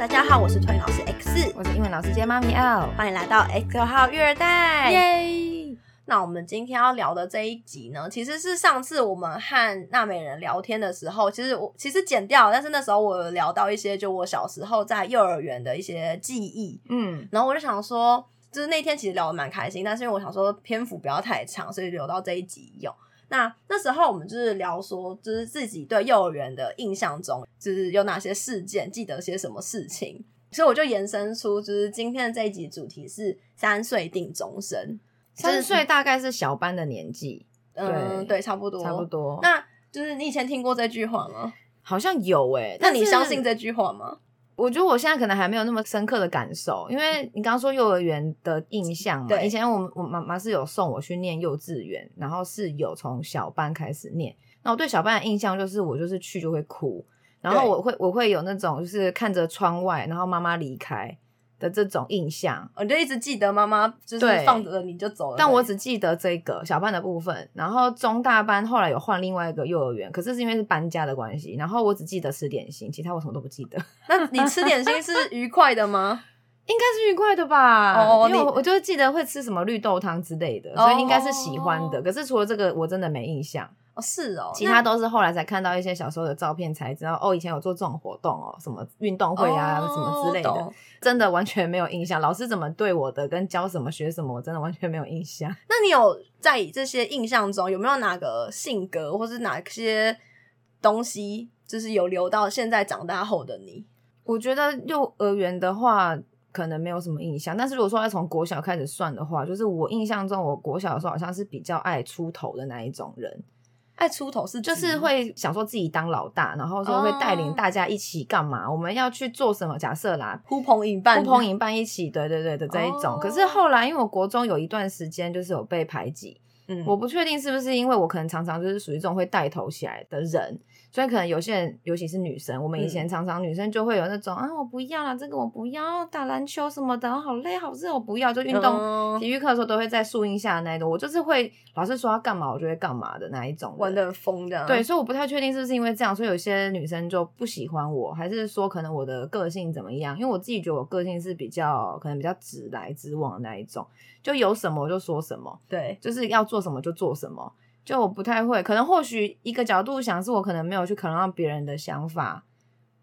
大家好，我是推理老師 X，4, 我是英文老師傑媽咪 L，歡迎來到 XL 號育兒袋。耶！那我們今天要聊的這一集呢，其實是上次我們和娜美人聊天的時候，其實我其實剪掉了，但是那時候我有聊到一些，就我小時候在幼兒園的一些記憶，嗯，然後我就想說，就是那天其實聊得蠻開心，但是因為我想說篇幅不要太長，所以留到這一集用。那那時候我們就是聊說，就是自己對幼兒園的印象中，就是有哪些事件，記得些什麼事情。所以我就延伸出，就是今天的這一集主題是三歲定終身，就是，三歲大概是小班的年紀，嗯，對，對，差不多，差不多。那就是你以前聽過這句話嗎？好像有欸。那你相信這句話嗎？我覺得我現在可能還沒有那麼深刻的感受，因為你剛剛說幼兒園的印象嘛。嗯。對，以前我我媽媽是有送我去念幼稚園，然後是有從小班開始念。那我對小班的印象就是，我就是去就會哭，然後我會我會有那種就是看着窗外，然後媽媽離開。的這種印象，我、哦、就一直記得媽媽就是放着你就走了。但我只記得這個小班的部分，然後中大班後來有換另外一個幼兒園，可是是因為是搬家的關係。然後我只記得吃點心，其他我什麼都不記得。 那你吃點心是愉快的嗎？ 應該是愉快的吧，oh, oh, 因為我就記得會吃什麼綠豆湯之類的，oh, 所以應該是喜歡的。Oh, oh, oh. 可是除了這個，我真的沒印象。哦，是哦，其他都是後來才看到一些小時候的照片才知道那哦，以前有做這種活動哦，什麼運動會啊，哦、什麼之類的，懂真的完全沒有印象。老師怎麼對我的，跟教什麼學什麼，我真的完全沒有印象。那你有在這些印象中，有沒有哪個性格，或是哪些東西，就是有留到現在長大後的你？我覺得幼兒園的話，可能沒有什麼印象。但是如果說要從國小開始算的話，就是我印象中，我國小的時候好像是比較愛出頭的那一種人。愛出頭是就是會想說自己當老大，然後說會帶領大家一起幹嘛？哦、我們要去做什麼？假設啦，呼朋引伴，呼朋引伴一起，對對對的這一種。哦、可是後來，因為我國中有一段時間就是有被排擠，嗯、我不確定是不是因為我可能常常就是屬於這種會帶頭起來的人。所以可能有些人，尤其是女生，我們以前常常女生就會有那種、嗯、啊，我不要啦，這個我不要，打籃球什麼的好累好熱，我不要。就運動、呃、體育課的時候都會在樹蔭下的那一種。我就是會老是說要幹嘛，我就會幹嘛的那一種。玩的瘋的。的啊、對，所以我不太確定是不是因為這樣，所以有些女生就不喜歡我，還是說可能我的個性怎麼樣？因為我自己覺得我個性是比較可能比較直來直往的那一種，就有什麼我就說什麼，對，就是要做什麼就做什麼。就我不太會，可能或許一個角度想是，我可能沒有去考慮到別人的想法，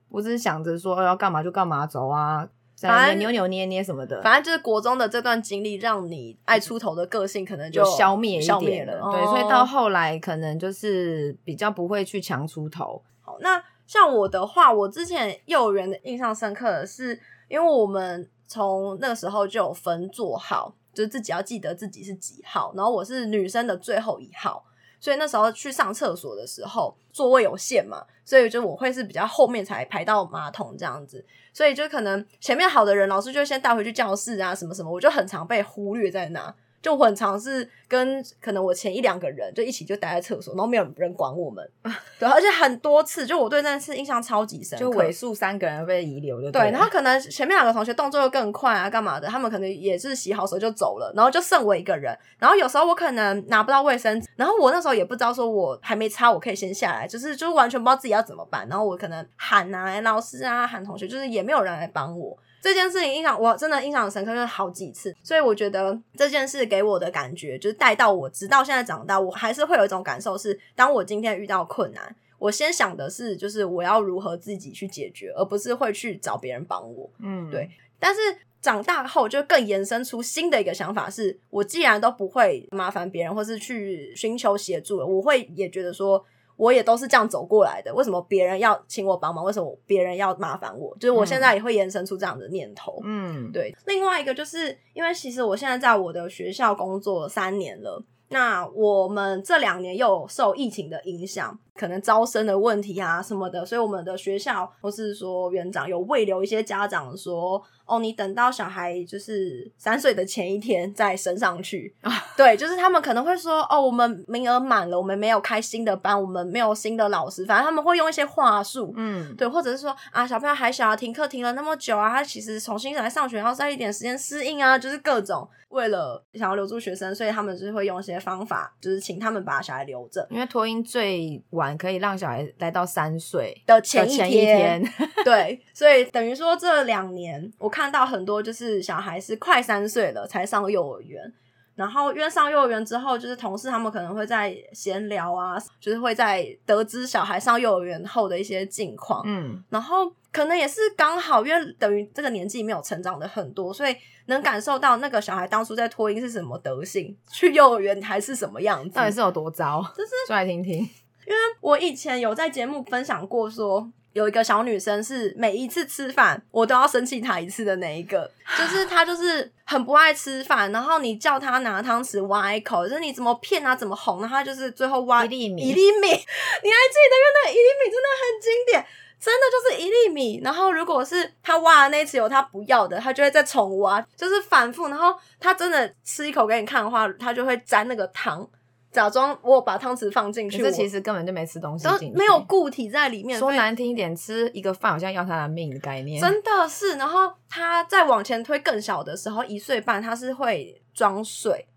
我只是想着說要幹嘛就幹嘛走啊，反正扭扭捏捏什麼的，反正就是國中的這段經歷，讓你愛出頭的個性可能就消滅一點了。了。對，哦。所以到後來可能就是比較不會去強出頭。好，那像我的話，我之前幼兒園的印象深刻的是，因為我們從那個時候就有分座號，就是自己要記得自己是幾號，然後我是女生的最後一號。所以那時候去上廁所的時候，座位有限嘛，所以就我會是比較後面才排到馬桶這樣子，所以就可能前面好的人，老師就先帶回去教室啊，什麼什麼，我就很常被忽略在那。就很常是跟可能我前一兩個人就一起就待在廁所，然後沒有人管我們。 對，而且很多次，就我對那次印象超級深，就尾數三個人被遺留了。對，然後可能前面兩個同學動作又更快啊，幹嘛的？他們可能也是洗好手就走了，然後就剩我一個人。然後有時候我可能拿不到衛生紙，然後我那時候也不知道說我還沒擦，我可以先下來，就是就是完全不知道自己要怎麼辦。然後我可能喊啊，老師啊，喊同學，就是也沒有人來幫我。這件事情印象我真的印象深刻，因為好幾次，所以我覺得這件事給我的感覺，就是帶到我直到現在長大，我還是會有一種感受是，是當我今天遇到困難，我先想的是，就是我要如何自己去解決，而不是會去找別人幫我。嗯，對。但是長大後就更延伸出新的一個想法是，是我既然都不會麻煩別人，或是去尋求協助了，我會也覺得說。我也都是這樣走過來的，為什麼別人要請我幫忙？為什麼別人要麻煩我？就是我現在也會延伸出這樣的念頭。嗯，對。另外一個就是因為其實我現在在我的學校工作三年了，那我們這兩年又受疫情的影響。可能招生的問題啊什麼的，所以我們的學校或是說園長有慰留一些家長說哦，你等到小孩就是三歲的前一天再升上去， 對，就是他們可能會說哦，我們名額滿了，我們沒有開新的班，我們沒有新的老師，反正他們會用一些話術，嗯，對，或者是說啊，小朋友還小啊，停課停了那麼久啊，他其實重新再來上學，然後再一點時間適應啊，就是各種為了想要留住學生，所以他們就是會用一些方法，就是請他們把小孩留着，因為托嬰最晚。可以讓小孩來到三歲的前一天，一天 對，所以等於說這兩年我看到很多就是小孩是快三歲了才上幼兒園，然後因為上幼兒園之後，就是同事他們可能會在閒聊啊，就是會在得知小孩上幼兒園後的一些近況，嗯，然後可能也是剛好因為等於這個年紀沒有成長的很多，所以能感受到那個小孩當初在托嬰是什麼德性，去幼兒園還是什麼樣子，到底是有多糟，就是說來聽聽。因為我以前有在節目分享過說，說有一個小女生是每一次吃飯我都要生氣她一次的那一個，就是她就是很不愛吃飯，然後你叫她拿湯匙挖一口，就是你怎麼騙她、啊、怎麼哄，她，她就是最後挖一粒米，一粒米，你還記得嗎？因為那個一粒米真的很經典，真的就是一粒米。然後如果是她挖的那一次有她不要的，她就會再重挖，就是反覆。然後她真的吃一口給你看的話，她就會沾那個糖。假裝我把湯匙放進去，我其實根本就沒吃東西，沒有固體在裡面。以說難聽一點，吃一個飯好像要他的命的概念。真的是，然後他再往前推更小的時候，一歲半，他是會裝睡，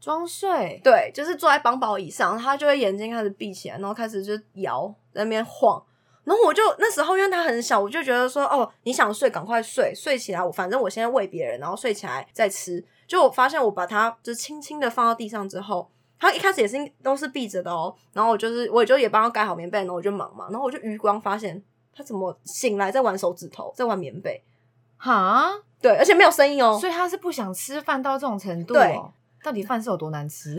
裝睡，對，就是坐在綁寶椅上，然後他就會眼睛開始閉起來，然後開始就搖在那邊晃，然後我就那時候因為他很小，我就覺得說哦，你想睡趕快睡，睡起來我反正我現在餵別人，然後睡起來再吃。就我發現我把他就輕輕的放到地上之後，他一開始也是都是閉着的哦、喔，然後我就是我也就也幫他蓋好棉被，然後我就忙嘛，然後我就餘光發現他怎麼醒來在玩手指頭，在玩棉被。哈，對，而且沒有聲音哦、喔，所以他是不想吃飯到這種程度、喔，對？到底飯是有多難吃？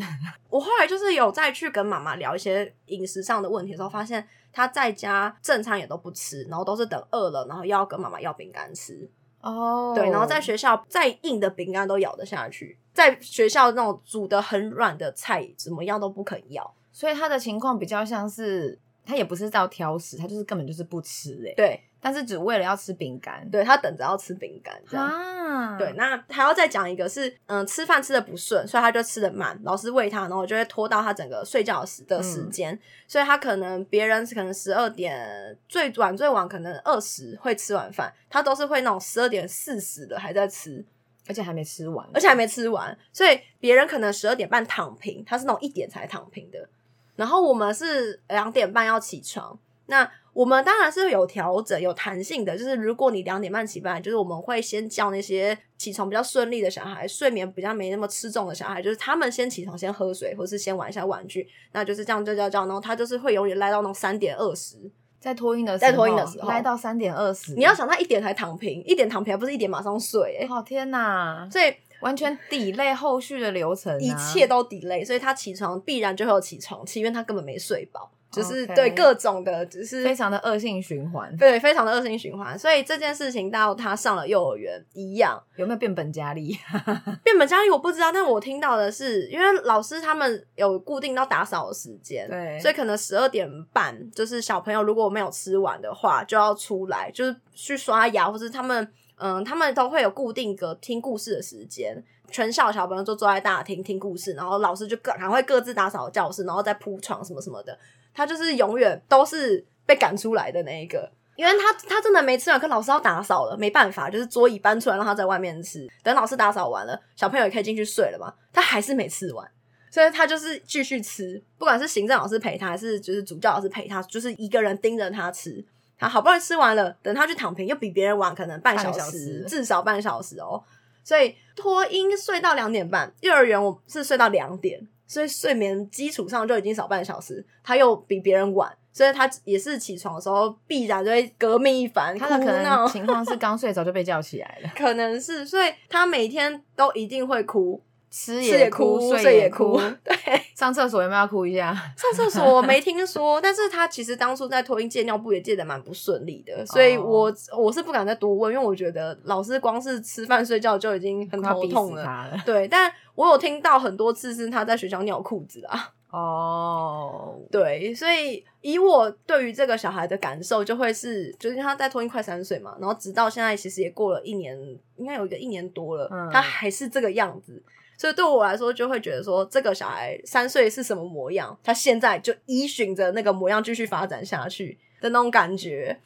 我後來就是有再去跟媽媽聊一些飲食上的問題的時候，發現他在家正餐也都不吃，然後都是等餓了，然後要跟媽媽要餅乾吃。哦，oh. 對，然後在學校再硬的餅乾都咬得下去，在學校那種煮得很軟的菜怎麼樣都不肯咬，所以他的情況比較像是他也不是到挑食，他就是根本就是不吃哎、欸。對。但是只為了要吃餅乾，對，他等着要吃餅乾這樣。啊、對，那還要再講一個是，是嗯，吃飯吃的不順，所以他就吃的慢。老師餵他，然後我就會拖到他整個睡覺時的時間，嗯、所以他可能別人可能十二點最晚最晚可能二十會吃完飯，他都是會那種十二點四十的還在吃，而且還沒吃完，而且還沒吃完，所以別人可能十二點半躺平，他是那種一點才躺平的。然後我們是兩點半要起床，那。我們當然是有調整、有彈性的，就是如果你兩點半起班，就是我們會先叫那些起床比較順利的小孩，睡眠比較沒那麼吃重的小孩，就是他們先起床、先喝水，或是先玩一下玩具，那就是這樣、就叫這樣，然後他就是會永遠賴到那種三點二十，在拖音的，在拖音的時候賴到三點二十。你要想他一點才躺平，一點躺平還不是一點馬上睡、欸？好天哪，啊，所以完全 delay 後續的流程，啊，一切都 delay，所以他起床必然就會有起床氣，因為他根本沒睡飽。就是 okay, 對各種的，只、就是非常的惡性循環，對，非常的惡性循環。所以這件事情到他上了幼兒園一樣，有沒有變本加厲？ 變本加厲我不知道，但我聽到的是，因為老師他們有固定到打掃的時間，對，所以可能十二點半，就是小朋友如果沒有吃完的話，就要出來，就是去刷牙，或者是他們嗯，他們都會有固定個聽故事的時間，全校的小朋友就坐在大廳聽故事，然後老師就各，還會各自打掃教室，然後再鋪床什麼什麼的。他就是永遠都是被趕出來的那一個，因為他他真的沒吃完，可老師要打掃了，沒辦法，就是桌椅搬出來讓他在外面吃。等老師打掃完了，小朋友也可以進去睡了嘛，他還是沒吃完，所以他就是繼續吃。不管是行政老師陪他，還是就是主教老師陪他，就是一個人盯着他吃。他好不容易吃完了，等他去躺平，又比別人晚可能半小時，小時至少半小時哦。所以托嬰睡到兩點半，幼兒園我是睡到兩點。所以睡眠基礎上就已經少半個小時，他又比別人晚，所以他也是起床的時候必然就會革命一番。他的可能情況是剛睡着就被叫起來了， 可能是，所以他每天都一定會哭。吃也哭，也哭，睡也哭，也哭。對，上廁所有沒有要哭一下？ 上廁所我沒聽說， 但是他其實當初在托嬰戒尿布也戒得蠻不順利的，所以我，oh. 我是不敢再多問，因為我覺得老師光是吃飯睡覺就已經很頭痛了。了，對，但我有聽到很多次是他在學校尿褲子啊。哦，oh. 對，所以以我對於這個小孩的感受，就會是，就是他在托嬰快三歲嘛，然後直到現在其實也過了一年，應該有一個一年多了，嗯、他還是這個樣子。所以對我來說，就會覺得說，這個小孩三歲是什麼模樣，他現在就依循着那個模樣繼續發展下去的那種感覺，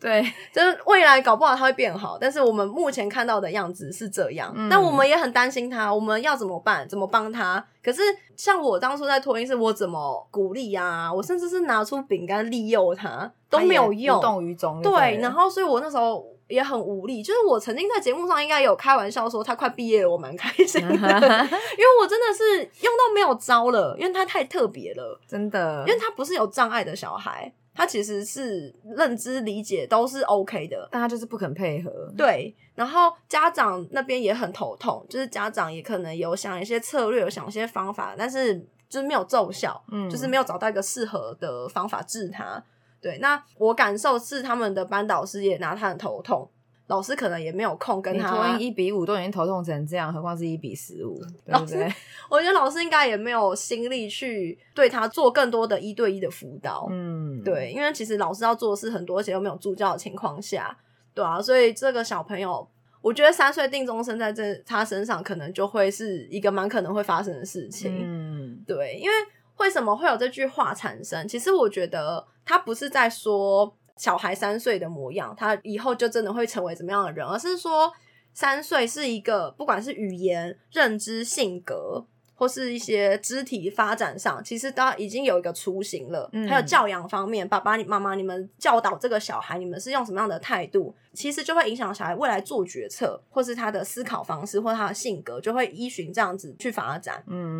對，就是未來搞不好他會變好，但是我們目前看到的樣子是這樣。嗯，那我們也很擔心他，我們要怎麼辦？怎麼幫他？可是像我當初在托嬰室，我怎麼鼓勵呀、啊？我甚至是拿出餅乾利誘他，都沒有用，無動於衷，對。對，然後所以，我那時候。也很無力，就是我曾經在節目上應該有開玩笑說他快畢業了，我蠻開心的，因為我真的是用到沒有招了，因為他太特別了，真的，因為他不是有障礙的小孩，他其實是認知理解都是 OK 的，但他就是不肯配合，對，然後家長那邊也很頭痛，就是家長也可能有想一些策略，有想一些方法，但是就是沒有奏效，嗯，就是沒有找到一個適合的方法治他。對，那我感受是他們的班導師也拿他很頭痛，老師可能也沒有空跟他，因為一比五都已經頭痛成這樣，何況是一比十五對不對？老師，對，我覺得老師應該也沒有心力去對他做更多的一對一的輔導。嗯，對，因為其實老師要做的事很多，而且又沒有助教的情況下，對啊，所以這個小朋友，我覺得三歲定終身在這他身上，可能就會是一個蠻可能會發生的事情。嗯，對，因為。為什麼會有這句話產生？其實我覺得他不是在說小孩三歲的模樣，他以後就真的會成為怎麼樣的人，而是說三歲是一個不管是語言、認知、性格，或是一些肢體發展上，其實都已經有一個雛形了。嗯、還有教養方面，爸爸、你媽媽，你們教導這個小孩，你們是用什麼樣的態度，其實就會影響小孩未來做決策，或是他的思考方式，或他的性格，就會依循這樣子去發展。嗯。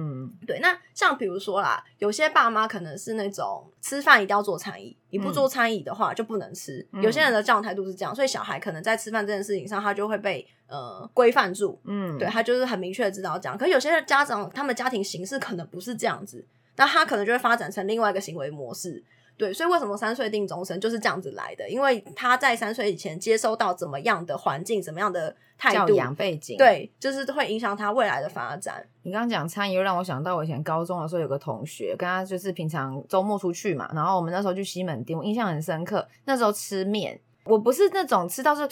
對，那像比如說啦，有些爸媽可能是那種吃飯一定要坐餐椅，你不坐餐椅的話就不能吃。嗯、有些人的教養態度是這樣，所以小孩可能在吃飯這件事情上，他就會被呃規範住。嗯，對，他就是很明確的知道這樣。可是有些家長他們家庭形式可能不是這樣子，那他可能就會發展成另外一個行為模式。對，所以為什麼三歲定終身，就是這樣子來的？因為他在三歲以前接收到怎麼樣的環境，怎麼樣的態度，教養背景，對，就是會影響他未來的發展。嗯、你剛剛講餐飲，又讓我想到我以前高中的時候有個同學，跟他就是平常週末出去嘛，然後我們那時候去西門町，我印象很深刻。那時候吃麵，我不是那種吃到是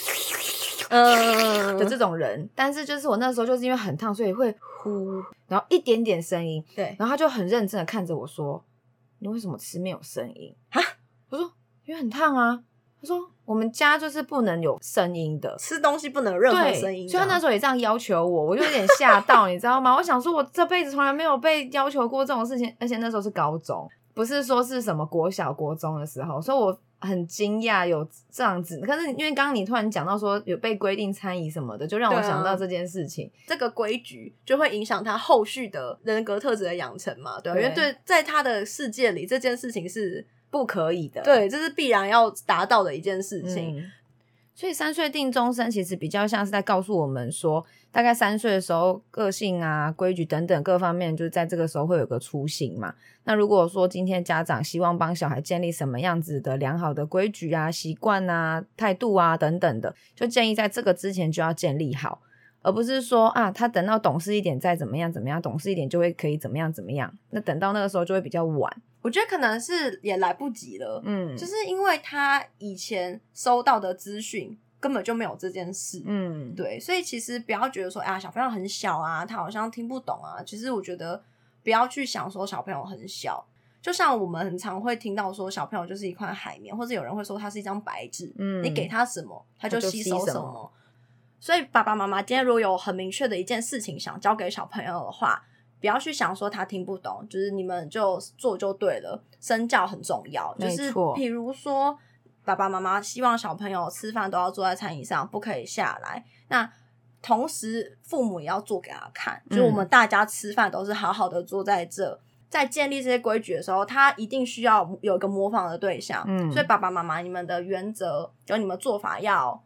呃、嗯、的這種人，但是就是我那時候就是因為很燙，所以會呼，然後一點點聲音，對，然後他就很認真的看着我說。你為什麼吃沒有聲音蛤啊？我說，因為很燙啊。他說，我們家就是不能有聲音的，吃東西不能有任何聲音啊。所以那時候也這樣要求我，我就有點嚇到， 你知道嗎？我想說我這輩子從來沒有被要求過這種事情，而且那時候是高中，不是說是什麼國小、國中的時候，所以我。很驚訝有這樣子，可是因為剛剛你突然講到說有被規定參與什麼的，就讓我想到這件事情，啊、這個規矩就會影響他後續的人格特質的養成嘛？對、啊，對因為對在他的世界裡，這件事情是不可以的，對，這、就是必然要達到的一件事情。嗯所以三歲定終身，其實比較像是在告訴我們說，大概三歲的時候，個性啊、規矩等等各方面，就是在這個時候會有個雛形嘛。那如果說今天家長希望幫小孩建立什麼樣子的良好的規矩啊、習慣啊、態度啊等等的，就建議在這個之前就要建立好，而不是說啊，他等到懂事一點再怎麼樣怎麼樣，懂事一點就會可以怎麼樣怎麼樣，那等到那個時候就會比較晚。我覺得可能是也來不及了，嗯，就是因為他以前收到的資訊根本就沒有這件事，嗯，對，所以其實不要覺得說，哎呀，小朋友很小啊，他好像聽不懂啊。其實我覺得不要去想說小朋友很小，就像我們很常會聽到說小朋友就是一塊海綿，或者有人會說他是一張白紙，嗯，你給他什麼他就吸收什麼。什麼，所以爸爸媽媽今天如果有很明確的一件事情想教給小朋友的話。不要去想說他聽不懂，就是你們就做就對了。身教很重要，沒錯。就是比如說爸爸媽媽希望小朋友吃飯都要坐在餐椅上，不可以下來。那同時父母也要做給他看，就我們大家吃飯都是好好的坐在這。嗯、在建立這些規矩的時候，他一定需要有一個模仿的對象。嗯，所以爸爸媽媽，你們的原則就你們做法要。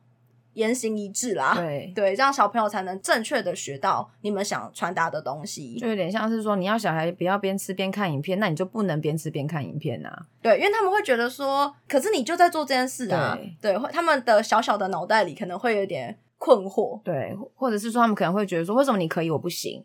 言行一致啦，對對，這樣小朋友才能正確的學到你們想傳達的東西。就有點像是說，你要小孩不要邊吃邊看影片，那你就不能邊吃邊看影片啊。對，因為他們會覺得說，可是你就在做這件事啊，對、對，他們的小小的腦袋裡可能會有點困惑。對，或者是說他們可能會覺得說，為什麼你可以，我不行？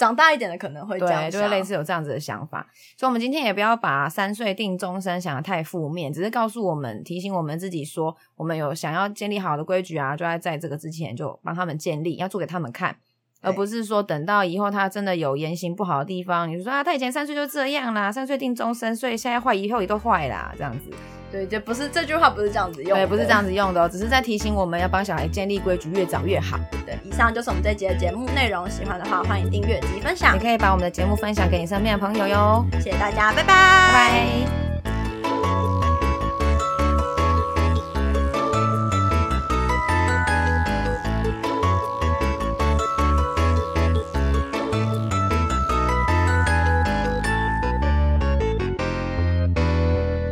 長大一點的可能會這樣，對，就會類似有這樣子的想法， 所以我們今天也不要把三歲定終身想得太負面，只是告訴我們、提醒我們自己說，我們有想要建立好的規矩啊，就要在這個之前就幫他們建立，要做給他們看。而不是說等到以後他真的有言行不好的地方，你就說啊，他以前三歲就這樣啦，三歲定終身，所以現在壞以後也都壞啦，這樣子。對，就不是這句話不是這樣子用的，對，不是這樣子用的哦。只是在提醒我們要幫小孩建立規矩，越早越好。對，對，以上就是我們這集的節目內容，喜歡的話歡迎訂閱及分享。你可以把我們的節目分享給你身邊的朋友喲。謝謝大家，拜拜。拜、拜。